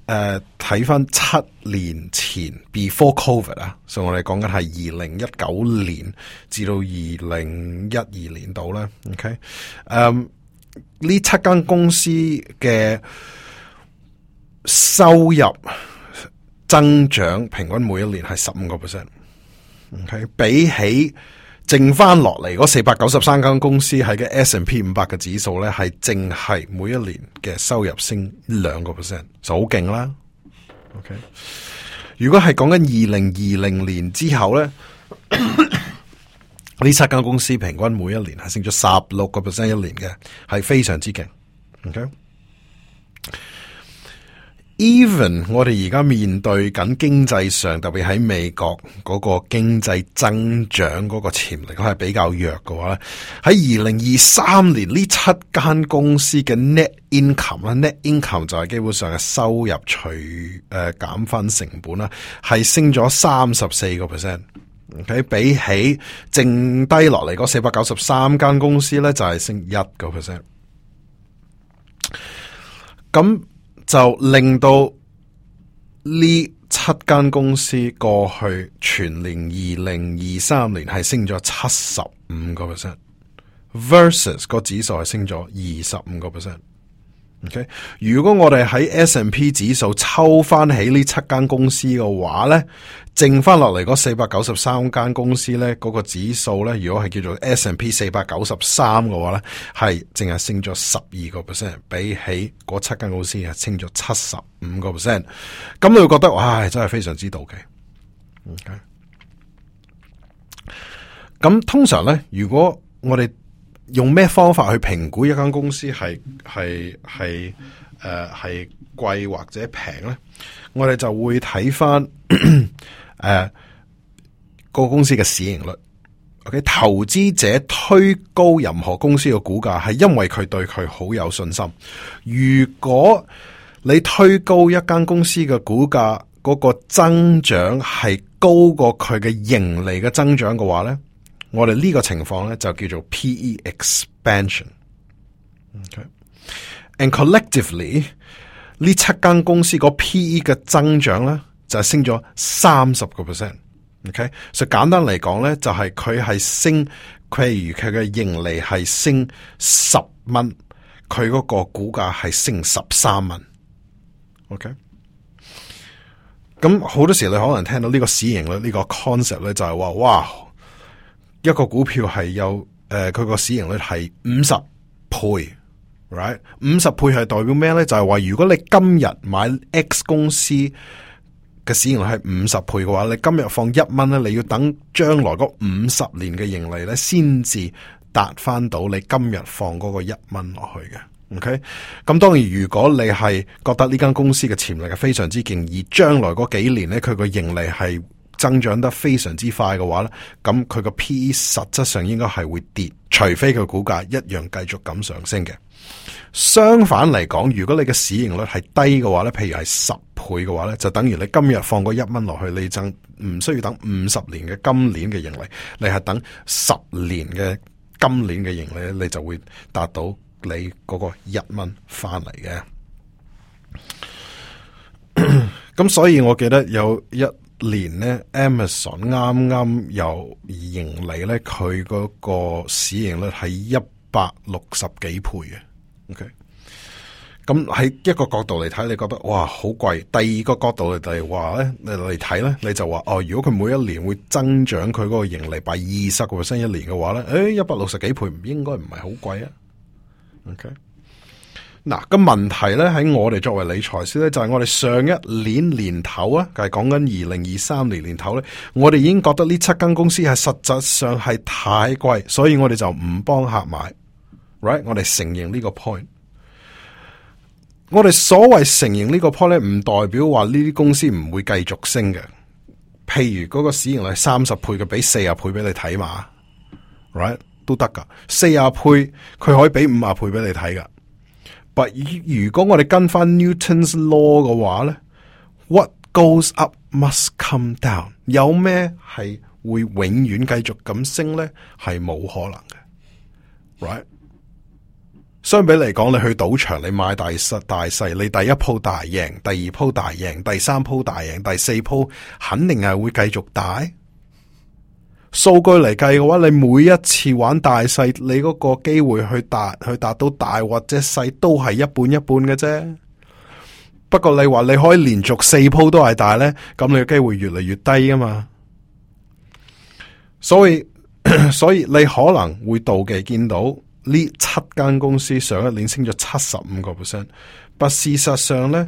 誒睇返七年前 before COVID 啊，所以我哋講緊係二零一九年至到二零一二年度啦，OK，誒、嗯、呢七間公司嘅收入增長平均每一年係十五個 percent，OK 比起。剩翻落嚟嗰四百九十三間公司喺嘅 S&P 五百嘅指數咧，係淨係每一年嘅收入升兩個 percent，就好勁啦。OK，如果係講緊二零二零年之後咧，呢七間公司平均每一年係升咗十六個 percent 一年嘅，係非常之勁。OK。even 我哋而家面對緊經濟上，特別喺美國嗰個經濟增長嗰個潛力係比較弱嘅話咧，喺二零二三年呢七間公司嘅 net income 啦呢，net income 就係基本上嘅收入除誒減翻成本啦，係升咗三十四個 percent。o、okay? 比起剩低落嚟嗰四百九十三間公司咧，就係、是、升一個 percent。咁就令到呢七間公司過去全年二零二三年係升咗七十五個 percent，versus 個指數係升咗二十五個 percent。OK，如果我哋喺 S&P 指數抽翻起呢七間公司嘅話呢，剩翻落嚟嗰四百九十三間公司呢，嗰、嗰個指數呢，如果係叫做 S&P 四百九十三嘅話呢，係淨係升咗十二個 percent，比起嗰七間公司係升咗七十五個 percent，咁你會覺得，唉，真係非常之妒忌。OK，咁通常呢，如果我哋。用咩方法去評估一間公司係係係誒係貴或者平咧？我哋就會睇翻誒個公司嘅市盈率。OK，投資者推高任何公司嘅股價係因為佢對佢好有信心。如果你推高一間公司嘅股價，嗰個增長係高過佢嘅盈利嘅增長嘅話咧？我哋呢個情況咧就叫做 P/E expansion，OK，and、okay? collectively 呢七間公司個 P/E 嘅增長咧就係升咗三十個 percent，OK，所以簡單嚟講咧就係佢係升，譬如佢嘅盈利係升十蚊，佢嗰個股價係升十三蚊，OK。咁好多時候你可能聽到呢個市盈率呢、呢個 concept 咧就係話哇。一個股票係有誒，佢、呃、個市盈率係五十倍，right？五十倍係代表咩呢？就係、是、話如果你今日買 X 公司嘅市盈率係五十倍嘅話，你今日放一蚊咧，你要等將來嗰五十年嘅盈利咧，先至達翻到你今日放嗰個一蚊落去嘅。OK？咁當然，如果你係覺得呢間公司嘅潛力係非常之勁，而將來嗰幾年咧，佢個盈利係。增長得非常之快嘅話呢，咁佢個 PE 實質上應該係會跌，除非佢股價一樣繼續咁上升嘅。相反嚟講，如果你嘅市盈率係低嘅話呢，譬如係十倍嘅話呢，就等於你今日放個一蚊落去，你就唔需要等五十年嘅今年嘅盈利，你係等十年嘅今年嘅盈利，你就會達到你嗰個一蚊翻嚟嘅。咁 所以我記得有一。年咧，Amazon 啱啱有盈利咧，佢嗰個市盈率係一百六十幾倍嘅。OK，咁喺一個角度嚟睇，你覺得哇好貴？第二個角度嚟睇，話咧你嚟睇咧，你就話哦，如果佢每一年會增長佢嗰個盈利百二十 percent 一年嘅話咧，誒一百六十幾倍唔應該唔係好貴啊。OK。嗱，個問題呢，喺我哋作為理財師呢，就係我哋上一年年頭啊，就係講緊二零二三年年頭呢。我哋已經覺得呢七間公司係實質上係太貴，所以我哋就唔幫客買，right？我哋承認呢個 point。我哋所謂承認呢個 point 呢，唔代表話呢啲公司唔會繼續升嘅。譬如嗰個市盈率三十倍嘅，俾四十倍俾你睇嘛，right？都得噶，四十倍佢可以俾五十倍俾你睇噶。但如果我哋跟翻 Newton's law 嘅話呢 What goes up must come down、right? t。有咩係會永遠繼續咁升呢？係冇可能嘅，right？相比嚟講，你去賭場，你買大細大細，你第一鋪大贏，第二鋪大贏，第三鋪大贏，第四鋪肯定係會繼續大。數據嚟計嘅話，你每一次玩大細，你嗰個機會去達去達到大或者細都係一半一半嘅啫。不過你話你可以連續四鋪都係大呢，咁你嘅機會越嚟越低啊嘛。所以 所以你可能會妒忌，見到呢七間公司上一年升咗七十五個 percent，但事實上呢，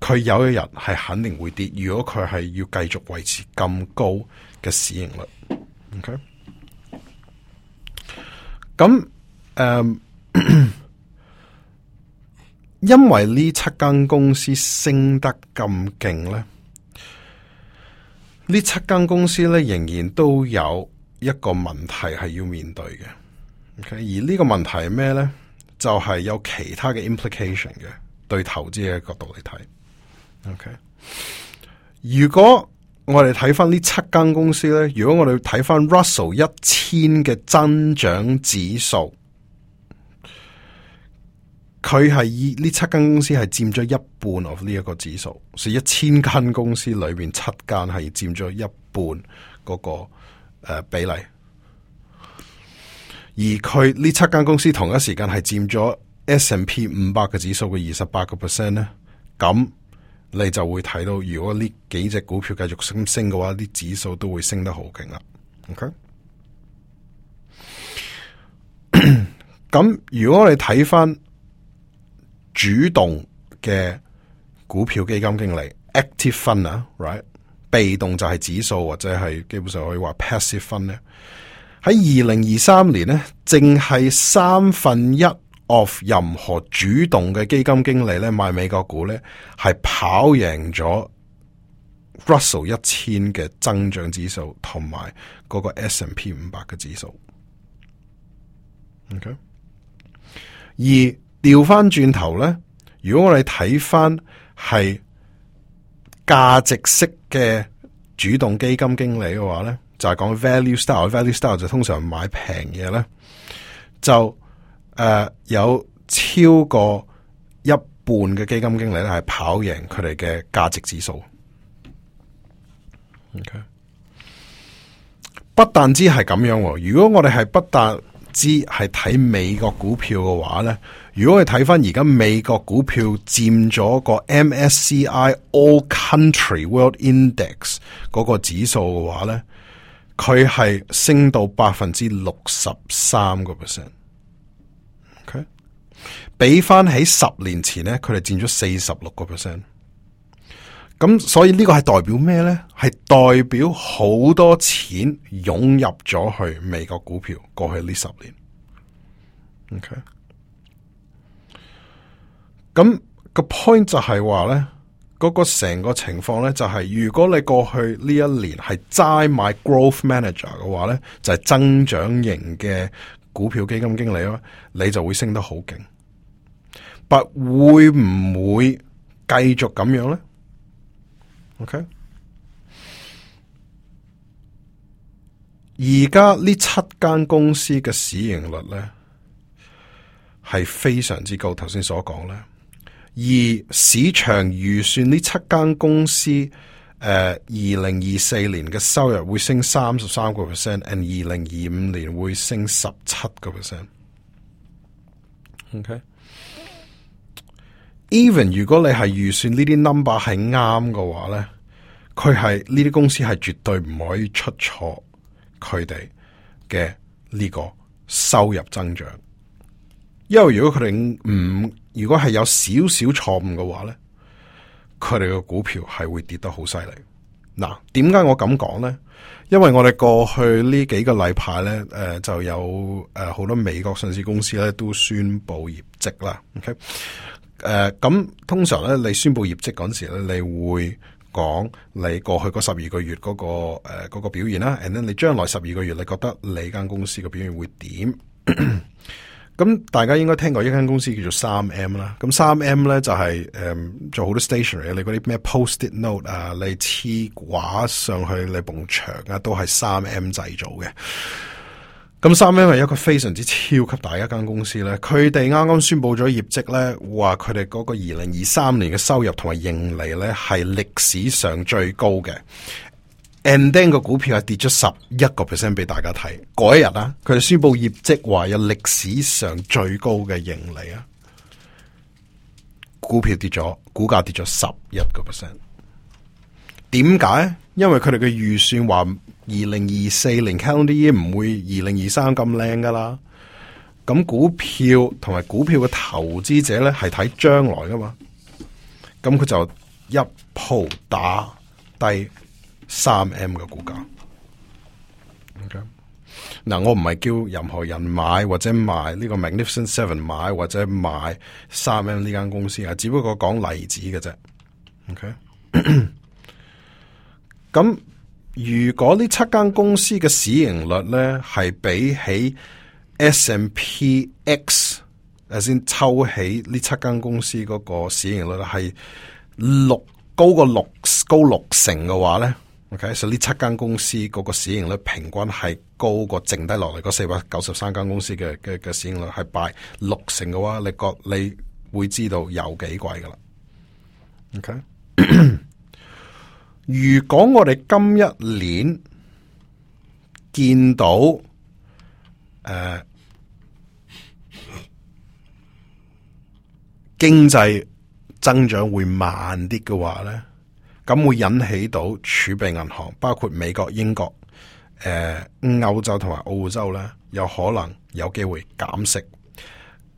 佢有一日係肯定會跌。如果佢係要繼續維持咁高。嘅市盈率，OK，咁誒、嗯，因為呢七間公司升得咁勁咧，呢七間公司咧仍然都有一個問題係要面對嘅，OK，而呢個問題係咩咧？就係、是、有其他嘅 implication 嘅，對投資嘅角度嚟睇，OK，如果。我哋睇翻呢七間公司咧，如果我哋睇翻 Russell 一千嘅增長指數，佢係以呢七間公司係占咗一半，of 呢一個指數，是一千間公司裏面七間係佔咗一半嗰個誒、呃、比例。而佢呢七間公司同一時間係佔咗 S&P 五百嘅指數嘅二十八個 percent 咧，咁。你就會睇到，如果呢幾隻股票繼續升升嘅話，啲指數都會升得好勁啦。OK，咁 如果我哋睇翻主動嘅股票基金經理 active fund 啊，right 被動就係指數或者係基本上可以話 passive fund 咧。喺二零二三年咧，淨係三分一。of 任何主動嘅基金經理咧買美國股，咧係跑贏咗 Russell 一千嘅增長指數同埋嗰個 S&P 五百嘅指數。O、okay? K. 而調翻轉頭咧，如果我哋睇翻係價值式嘅主動基金經理嘅話咧，就係、是、講 value style，value style 就通常買平嘢，咧就。誒，uh, 有超過一半嘅基金經理咧係跑贏佢哋嘅價值指數。ok，不但只係咁樣哦，如果我哋係不但只係睇美國股票嘅話咧，如果我睇返而家美國股票佔咗個 MSCI All Country World Index 嗰個指數嘅話咧，佢係升到百分之六十三個 percent。比翻喺十年前咧，佢哋佔咗四十六個 percent，咁所以呢個係代表咩呢？係代表好多錢湧入咗去美國股票過去呢十年。OK，咁個 point 就係話呢嗰、那個成個情況呢，就係、是，如果你過去呢一年係齋買 growth manager 嘅話呢就係、是、增長型嘅股票基金經理咯，你就會升得好勁。But, 會不會唔會繼續咁樣呢？OK 而家呢七間公司嘅市盈率呢，係非常之高，頭先所講咧，而市場預算呢七間公司誒，二零二四年嘅收入會升三十三個 percent，and 二零二五年會升十七個 percent。OK。Even 如果你係預算呢啲 number 係啱嘅話咧，佢係呢啲公司係絕對唔可以出錯，佢哋嘅呢個收入增長。因為如果佢哋唔如果係有少少錯誤嘅話咧，佢哋嘅股票係會跌得好犀利。嗱，點解我咁講咧？因為我哋過去呢幾個禮拜咧，誒、呃、就有誒好、呃、多美國上市公司咧都宣布業績啦。OK。誒，咁、uh, 通常咧，你宣布業績嗰時咧，你會講你過去嗰十二個月嗰、那個誒嗰、uh, 個表現啦、啊，and then 你將來十二個月，你覺得你間公司嘅表現會點？咁 大家應該聽過一間公司叫做三 M 啦，咁三 M 咧就係、是、誒、um, 做好多 stationery，你嗰啲咩 post-it note 啊，你黐掛上去你埲牆啊，都係三 M 製造嘅。咁三 M 係一個非常之超級大一間公司咧，佢哋啱啱宣布咗業績咧，話佢哋嗰個二零二三年嘅收入同埋盈利咧係歷史上最高嘅。a n d a n g 嘅股票係跌咗十一個 percent 俾大家睇，嗰一日啊，佢哋宣布業績話有歷史上最高嘅盈利啊，股票跌咗，股價跌咗十一個 percent。點解？因為佢哋嘅預算話。二零二四年，calendar year 唔會二零二三咁靚噶啦。咁股票同埋股票嘅投資者咧，係睇將來噶嘛。咁佢就一鋪打低三 M 嘅股價。OK，嗱，我唔係叫任何人買或者賣呢個 Magnificent Seven 買或者賣三 M 呢間公司啊，只不過講例子嘅啫。OK，咁。 如果呢七間公司嘅市盈率咧，係比起 S&P X，誒先抽起呢七間公司嗰個市盈率係六高過六高六成嘅話咧，OK，所、so, 呢七間公司嗰個市盈率平均係高過剩低落嚟嗰四百九十三間公司嘅嘅嘅市盈率係 by 六成嘅話，你覺你會知道有幾貴噶啦，OK。 如果我哋今一年見到誒、啊、經濟增長會慢啲嘅話咧，咁會引起到儲備銀行，包括美國、英國、誒、啊、歐洲同埋澳洲咧，有可能有機會減息。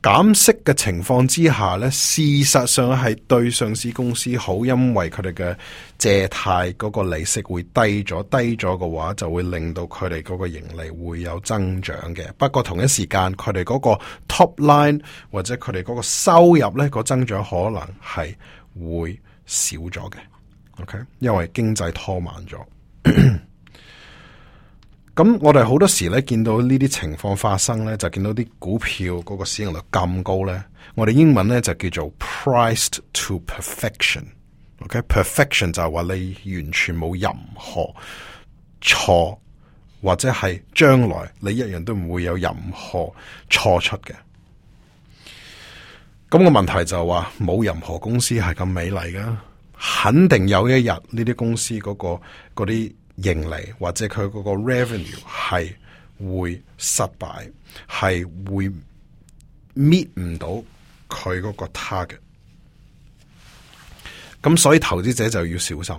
減息嘅情況之下呢，事實上係對上市公司好，因為佢哋嘅借貸嗰個利息會低咗，低咗嘅話就會令到佢哋嗰個盈利會有增長嘅。不過同一時間，佢哋嗰個 top line 或者佢哋嗰個收入呢，個增長可能係會少咗嘅。OK，因為經濟拖慢咗。 咁我哋好多時咧見到呢啲情況發生咧，就見到啲股票嗰個市盈率咁高咧。我哋英文咧就叫做 priced to perfection。OK，perfection 就係話你完全冇任何錯，或者係將來你一樣都唔會有任何錯出嘅。咁個問題就話冇任何公司係咁美麗㗎，肯定有一日呢啲公司嗰個嗰啲盈利或者佢嗰個 revenue 係會失敗，係會 meet 唔到佢嗰個 target。咁所以投資者就要小心。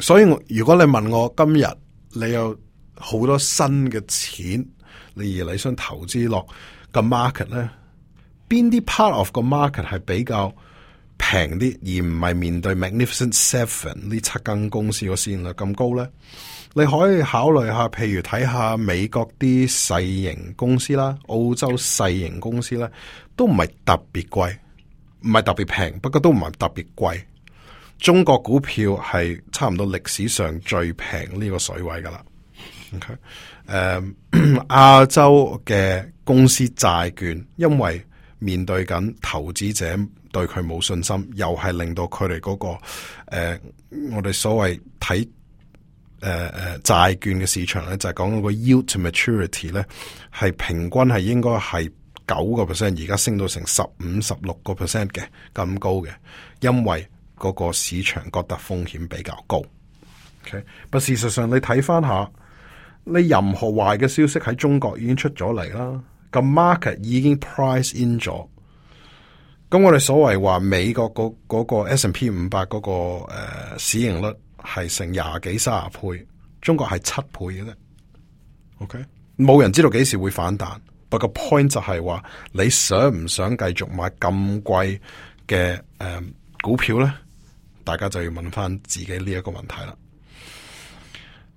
所以如果你問我今日你有好多新嘅錢，你而你想投資落個 market 咧，邊啲 part of 個 market 係比較？平啲，而唔係面對 Magnificent Seven 呢七間公司個市盈率咁高咧。你可以考慮下，譬如睇下美國啲細型公司啦，澳洲細型公司咧，都唔係特別貴，唔係特別平，不過都唔係特別貴。中國股票係差唔多歷史上最平呢個水位噶啦。OK，誒，um， 亞洲嘅公司債券因為面對緊投資者。對佢冇信心，又係令到佢哋嗰個誒、呃，我哋所謂睇誒誒債券嘅市場咧，就係講嗰個 yield to maturity 咧，係平均係應該係九個 percent，而家升到成十五十六個 percent 嘅咁高嘅，因為嗰個市場覺得風險比較高。ok，但事實上你睇翻下，你任何壞嘅消息喺中國已經出咗嚟啦，個 market 已經 price in 咗。咁我哋所謂話美國嗰、嗰個 S&P、那、五百嗰個誒、呃、市盈率係成廿幾卅倍，中國係七倍嘅啫。OK，冇人知道幾時會反彈，不過 point 就係話你想唔想繼續買咁貴嘅誒股票咧？大家就要問翻自己呢一個問題啦。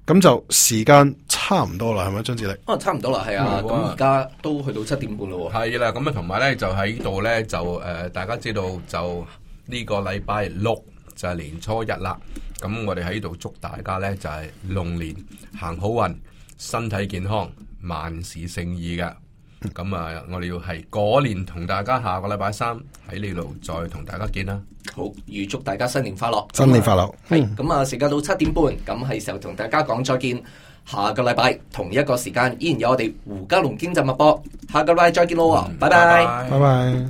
咁就時間差唔多啦，係咪張志力？哦，差唔多啦，係啊。咁而家都去到七點半喎，係啦、啊，咁啊同埋咧就喺度咧就誒、呃，大家知道就呢個禮拜六就係年初一啦。咁我哋喺度祝大家咧就係、是、龍年行好運，身體健康，萬事勝意嘅。咁啊，我哋要係嗰年同大家下個禮拜三喺呢度再同大家見啦。好，預祝大家新年快樂，新年快樂。係咁啊，時間到七點半，咁係時候同大家講再見。下個禮拜同一個時間，依然有我哋胡嘉龍經濟脈搏。下個禮拜再見咯，拜拜，拜拜。